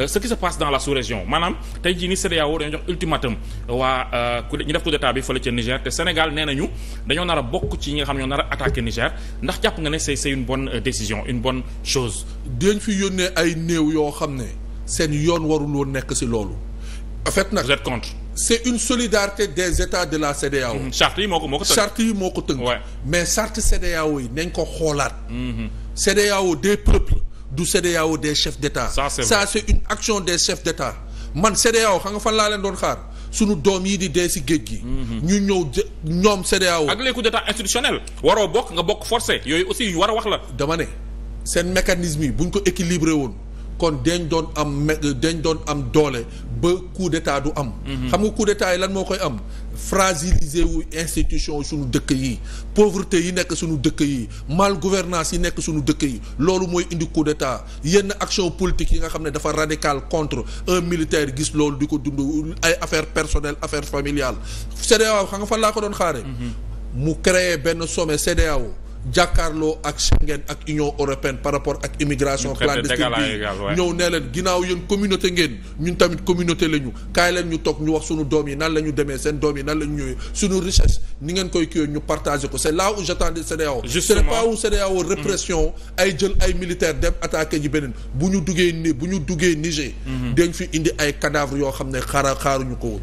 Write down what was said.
Euh, ce qui se passe dans la sous-région maanaam tey jii ni CEDEAO dañu jox ultimatum euh, waa euh, ku ñu def coup d'état bi fële ca Niger te Sénégal nee nañu dañoo nar a bokk ci ñi nga xam ñoo nar a attaquer Niger ndax jàpp nga ne c'est une bonne décision une bonne chose. dañ fi yónnee ay néew yoo xam ne seen yoon warul woon nekk ci loolu. en fait nag vous êtes c'est une solidarité des états de la CEDEAO. Mm-hmm. charte yi moo ko moo ko tënk charte yi moo ko mais charte CEDEAO yi nañ ko xoolaat. Mm-hmm. CEDEAO du CEDEAO des chefs d'État. ça c'est ça c'est une action des chefs d'État man CEDEAO xam nga fan laa leen doon xaar suñu doom yi di dee si géej gi. Mhm. ñu ñëw ñoom CEDEAO. ak les coups d'État institutionnels. waroo bokk nga bokk forcé yooyu aussi yu war a wax la. dama ne seen mécanisme yi bu ñu ko équilibré woon kon dañ doon am dañ doon am doole ba coup d'État du am. Mhm. xam nga coup d'État yi lan moo koy am. fragiliser wu institution suñu dëkk yi pauvreté yi nekk suñu dëkk yi mal gouvernance yi nekk suñu dëkk yi loolu mooy indi coup d'état yenn action politique yi nga xam ne dafa radical contre un militaire gis loolu di ko dund ay affaire personnelle affaire familiale CEDEAO xam nga fan laa ko doon xaare mhm. mu créer benn sommet CEDEAO jàkkaarloo ak Schengen ak Union européenne par rapport ak immigration clandestine bi ñëw nee leen ginnaaw yéen communauté ngeen ñun tamit communauté la ñu kaay leen ñu toog ñu wax suñu doom yi nan la ñu demee seen doom yi nan la ñu ñëwee suñu richesse ni ngeen koy kiiwee ñu partagé ko se là où j'attendais CEDEAO c'est pas où CEDEAO mm-hmm. répression ay jël ay militaire dem attaque ji beneen bu ñu duggee ni bu ñu duggee Niger mm-hmm. dañ fi indi ay cadavre yoo xam ne xara xaaruñu ko woon